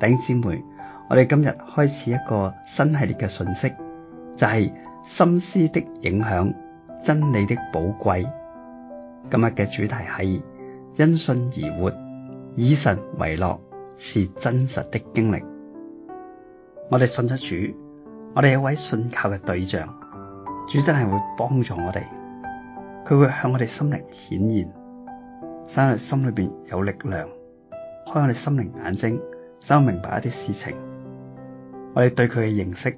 弟兄姊妹，我哋今日開始一個新系列嘅信息，就係、是、心思的影響、真理的寶貴。今日嘅主題係因信而活，以神為樂，是真實的經歷。我哋信咗主，我哋有位信靠嘅對象，主真係會幫助我哋，佢會向我哋心靈顯現，生喺心裏邊有力量，開我哋心靈眼睛。想明白一啲事情，我哋對佢嘅認識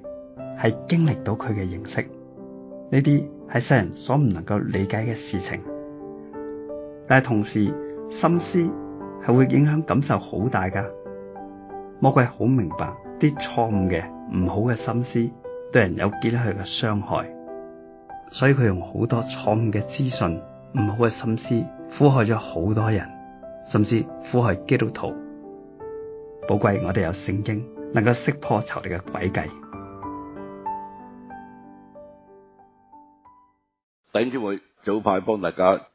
係經歷到佢嘅認識，呢啲係世人所唔能夠理解嘅事情。但係同時，心思係會影響感受好大噶。魔鬼好明白啲錯誤嘅唔好嘅心思對人有幾多嘅傷害，所以佢用好多錯誤嘅資訊、唔好嘅心思，腐害咗好多人，甚至腐害基督徒。寶貴，我哋有聖經，能夠識破仇敵嘅詭計。弟兄姊妹，早排幫大家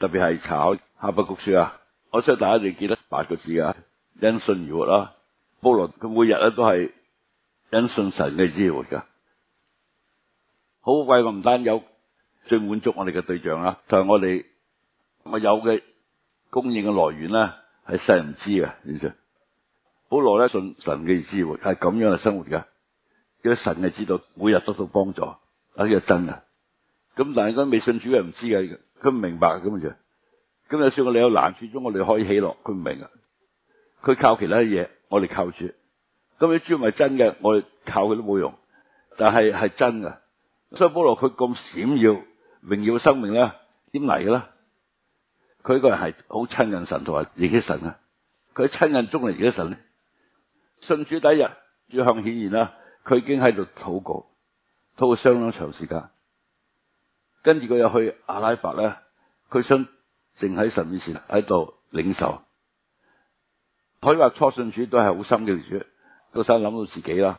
特別係炒哈巴谷書啊，我想大家一定記得八個字啊：因信而活啦。保羅佢每日咧都係因信神嘅而活噶。好貴，我唔單有最滿足我哋嘅對象啦，就係、是、我哋我有嘅供應嘅來源咧，係世人唔知嘅。保羅咧信神嘅意思，活，係咁樣嘅生活噶。因為神係知道每日得到幫助，呢、啊、個真噶。咁但係嗰啲未信主嘅唔知嘅，佢唔明白咁樣。咁就算我哋有難處中，我哋可以喜樂，佢唔明啊。佢靠其他嘢，我哋靠主。咁、啊、你主要咪真嘅，我哋靠佢都冇用。但係係真噶。所以保羅佢咁閃耀榮耀生命咧，點嚟嘅啦？佢個人係好親近的神同埋認識神噶。佢親近中嚟認識神咧。信主第一日，主向顯現啦，佢已經喺度禱告，禱告相當長時間。跟住佢又去阿拉伯咧，佢想淨喺神面前喺度領受。可以話初信主都係好心嘅主，都先諗到自己啦。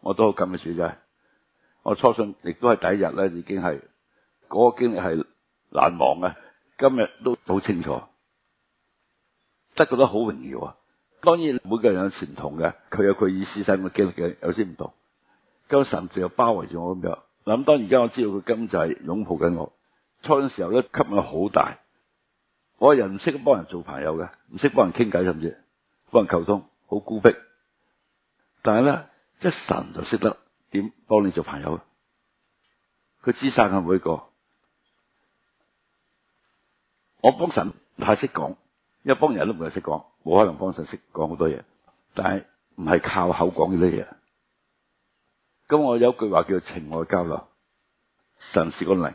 我都咁嘅主嘅，我初信亦都係第一日咧，已經係嗰、那個經歷係難忘嘅，今日都好清楚，真覺得好榮耀啊！當然每個人有傳統嘅，佢有佢意思，生我經歷嘅有啲唔同。咁甚至又包圍住我咁樣。咁當然而家我知道佢根本就係擁抱緊我。初嘅時候咧，吸引好大。我人唔識幫人做朋友嘅，唔識幫人傾偈，甚至幫人溝通，好孤僻。但係咧，即神就識得點幫你做朋友。佢知晒個每個。我幫神太識講，因為幫人都唔係識講。冇可能幫神識講好多嘢，但係唔係靠口講咁呢？嘢。咁我有句話叫做情愛交流，神是個靈，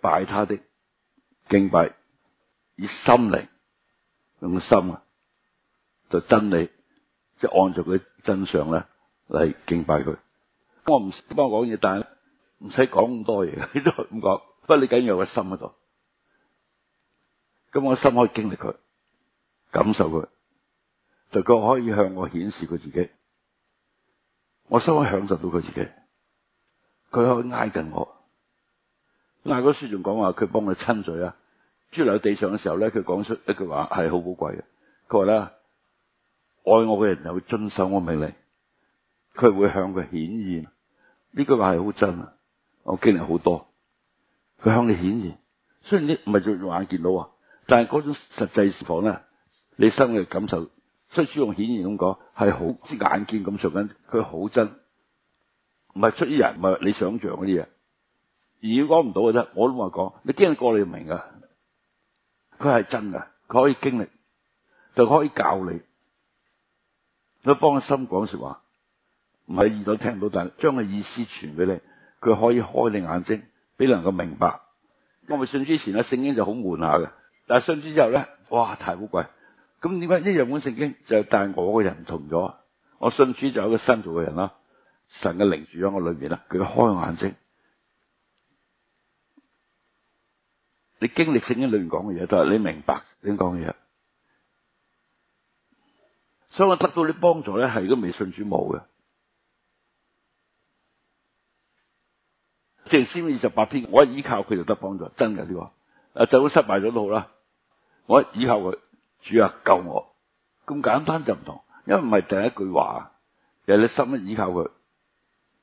拜他的敬拜以心靈，用個心啊，就是、真理，即、就、係、是、按照佢真相咧嚟敬拜佢。咁我唔幫我講嘢，但係唔使講咁多嘢，你都咁講。不過你緊要個心喺度，咁我心可以經歷佢。感受佢，就佢、是、可以向我顯示佢自己，我先可以享受到佢自己。佢可以挨近我，雅歌書仲講話，佢幫我親嘴啊。跌落地上嘅時候咧，佢講出一句話係好寶貴嘅。佢話咧：愛我嘅人就會遵守我命令，佢會向佢顯現。呢句話係好真啊！我經歷好多，佢向你顯現，雖然呢唔係用用眼見到啊，但係嗰種實際情況咧。你身嘅感受，雖以書用顯然咁講，係好之眼見咁做緊，佢好真，唔係出於人，唔係你想象嗰啲嘢，而要講唔到嘅啫。我都話講，你經歷過你就明噶，佢係真噶，佢可以經歷，就可以教你，佢幫心講說話，唔係耳朵聽到，但係將個意思傳俾你，佢可以開你眼睛，俾你能夠明白。我未信之前咧，聖經就好悶下嘅，但係信之後咧，哇，太好鬼！咁點解一本聖經就但係我個人唔同咗，我信主就有個新造嘅人啦，神嘅靈住喺我裏面啦，佢開眼睛，你經歷聖經裏面講嘅嘢，就係你明白點講嘅嘢，所以我得到啲幫助咧，係如果未信主冇嘅，即係詩二十八篇，我依靠佢就得幫助，真嘅呢、這個，就算失敗咗都好啦，我依靠佢。主啊，救我！咁簡單就唔同，因為唔係第一句話啊，係你心裏依靠佢，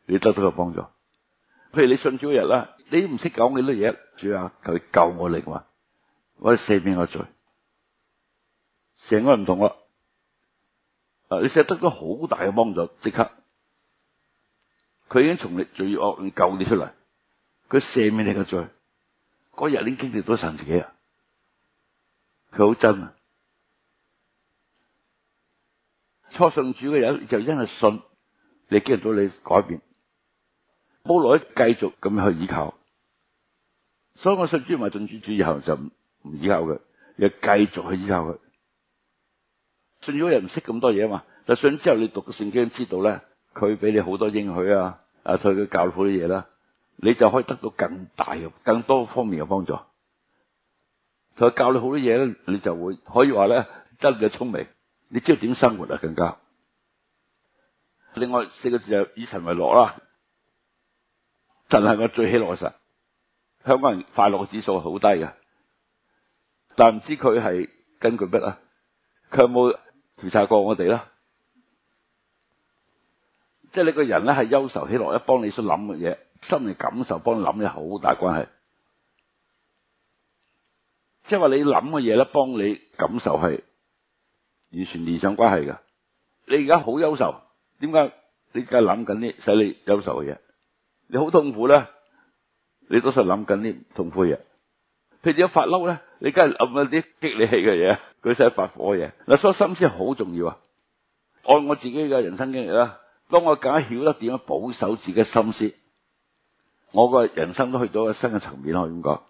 你得到個幫助。譬如你信主嗰日啦，你唔識講幾多嘢，主啊，佢救我靈魂，我赦免我罪，成個人唔同啦。啊，你實得咗好大嘅幫助，即刻，佢已經從你罪惡，佢救你出嚟，佢赦免你嘅罪，嗰日你經歷咗神自己啊，佢好真啊！初信主嘅人就因為信，你經歷到你改變，後來繼續咁去依靠。所以我信主唔係信主主以後就唔依靠佢，又繼續去依靠佢。信咗又唔識咁多嘢啊嘛，但信之後你讀聖經知道咧，佢俾你好多應許啊，啊佢教你好多嘢啦，你就可以得到更大嘅、更多方面嘅幫助。佢教你好多嘢咧，你就會可以話咧真嘅聰明。你知道點生活啊？更加另外四個字就以神為樂啦。神係我最喜樂嘅神，香港人快樂嘅指數好低嘅，但唔知佢係根據乜啊？佢有冇調查過我哋啦？即係你個人咧係憂愁喜樂，一幫你想諗嘅嘢，心嚟感受幫你諗嘅好大關係。即係話你諗嘅嘢咧，幫你感受係。完全理想關係噶你而家好憂愁，點解你而家諗緊啲使你憂愁嘅嘢。你好痛苦咧，你多數諗緊啲痛苦嘢。譬如一發嬲咧，你梗係諗緊啲激你氣嘅嘢，舉晒發火嘅嘢。嗱，所以心思好重要啊！按我自己嘅人生經歷咧，當我更曉得點樣保守自己心思，我個人生都去到個新嘅層面咯。點講？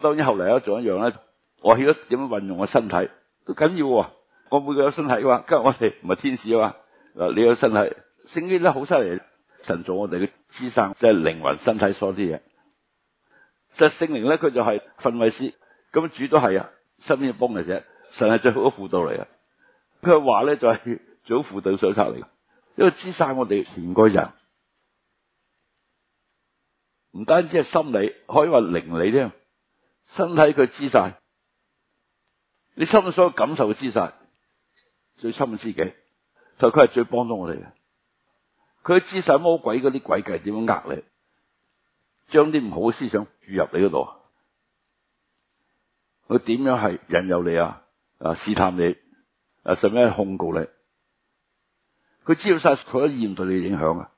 當然後嚟咧，仲有一樣咧，我曉得點樣運用我身體。都緊要喎，我每個有身體嘅話，跟我哋唔係天使啊嘛。嗱，你有身體，聖經咧好犀利，神做我哋嘅支生，即係靈魂、身體所有啲嘢。其實聖靈咧，佢就係訓慰師，咁主都係啊，身邊嘅幫嘅啫。神係最好嘅輔導嚟嘅，佢話咧就係最好輔導手冊嚟嘅，因為知晒我哋全個人，唔單止係心理，可以話靈理添，身體佢知晒。你深所有感受嘅姿勢，最深嘅知己，但佢係最幫到我哋嘅。佢知道晒魔鬼嗰啲鬼計點樣呃你，將啲唔好嘅思想注入你嗰度。佢點樣係引誘你啊？啊，試探你啊，甚至控告你。佢知道晒佢嘅意念對你嘅影響啊。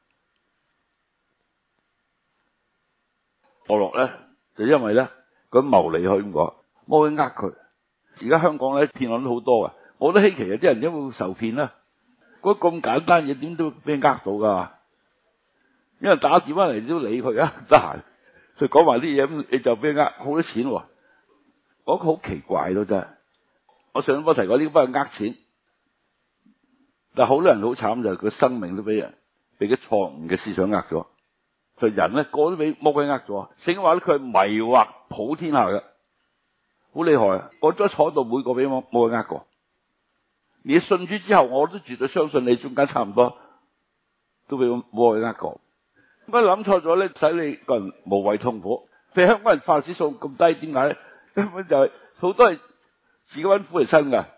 墮落咧，就因為咧，佢謀利可以咁講，魔鬼呃佢。而家香港咧騙案都好多啊。我都稀奇啊！啲人點會受騙啊？嗰咁簡單嘢點都俾人呃到㗎，因為打電話嚟都理佢啊，得閒佢講埋啲嘢，你就俾人呃好多錢喎，我個好奇怪咯真係。我想幫提過呢班呃錢，但係好多人好慘就係佢生命都俾人俾啲錯誤嘅思想呃咗，佢人咧個都俾魔鬼呃咗，所以話咧佢迷惑普天下嘅。好厲害啊！我都坐到每個俾我冇去呃過。你信主之後，我都絕對相信你，中間差唔多都俾我冇去呃過。如果諗錯咗咧，使你個人無謂痛苦。你香港人法律指數咁低，點解咧？根本就係好多係自己搵苦嚟生噶。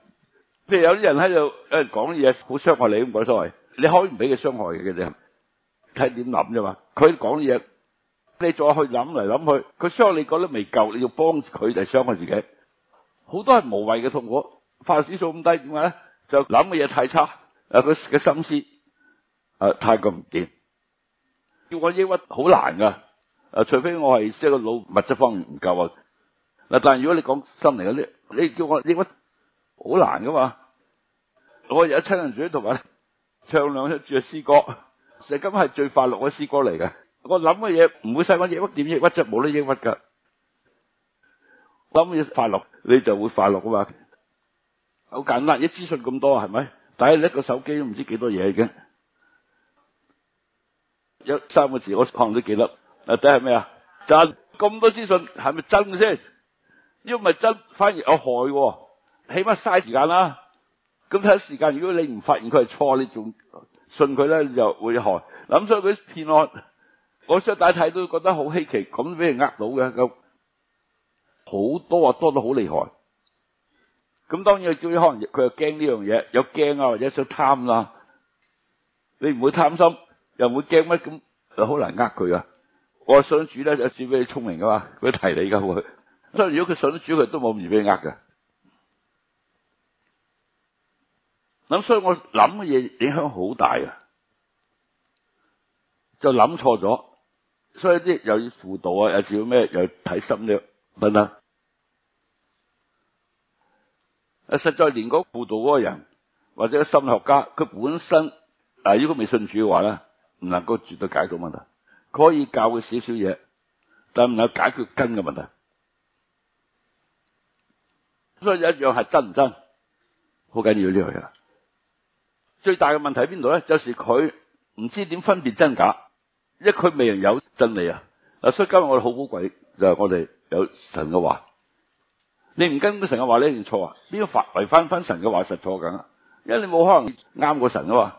譬如有啲人喺度，有人講嘢好傷害你咁，冇所謂。你可以唔俾佢傷害嘅，佢哋睇點諗啫嘛？佢講嘢。你再去諗嚟諗去，佢傷你覺得未夠，你要幫佢哋傷佢自己。好多係無謂嘅痛苦，快樂指數咁低，點解咧？就諗嘅嘢太差，佢嘅心思啊、呃、太過唔掂。叫我抑鬱好難噶，啊、呃，除非我係即一個腦物質方面唔夠啊。嗱、呃，但係如果你講心靈嗰啲，你叫我抑鬱好難噶嘛。我有一餐煮同埋唱兩出絕詩歌，成日今係最快樂嘅詩歌嚟嘅。我諗嘅嘢唔會生乜嘢抑鬱，抑鬱抑鬱就冇得抑鬱噶。諗嘢快樂，你就會快樂噶嘛。好簡單，啲資訊咁多係咪？睇你一個手機都唔知幾多嘢嘅。有三個字，我行都記得。誒，第一係咩呀？就咁多資訊，係咪真先？如果唔係真，反而有害嘅。起碼嘥時間啦。咁睇下時間，如果你唔發現佢係錯，你仲信佢咧，就會害。咁所以嗰啲騙案。我想大體都覺得好稀奇，咁俾人呃到嘅，有好多啊，多到好厲害。咁當然佢可能佢又驚呢樣嘢，又驚啊，或者想貪啦。你唔會貪心，又唔會驚咩咁，好難呃佢啊。我想煮咧就算俾你聰明噶嘛，佢提你噶會。所以如果佢想煮，佢都冇唔俾你呃嘅。咁所以我諗嘅嘢影響好大啊，就諗錯咗。所以啲又要輔導啊，有時要咩，又睇心理等等。啊，實在連嗰輔導嗰個人或者心理學家，佢本身啊，如果未信主嘅話咧，唔能夠絕對解決問題。可以教佢少少嘢，但唔能夠解決根嘅問題。所以一樣係真唔真，好緊要呢樣嘢。最大嘅問題喺邊度咧？就係佢唔知點分辨真假。因佢未人有真理啊，啊！所以今日我哋好寶貴就係、是、我哋有神嘅話，你唔跟神嘅話咧，認錯啊！邊個違反神嘅話實錯梗啊？因為你冇可能啱過神啊嘛。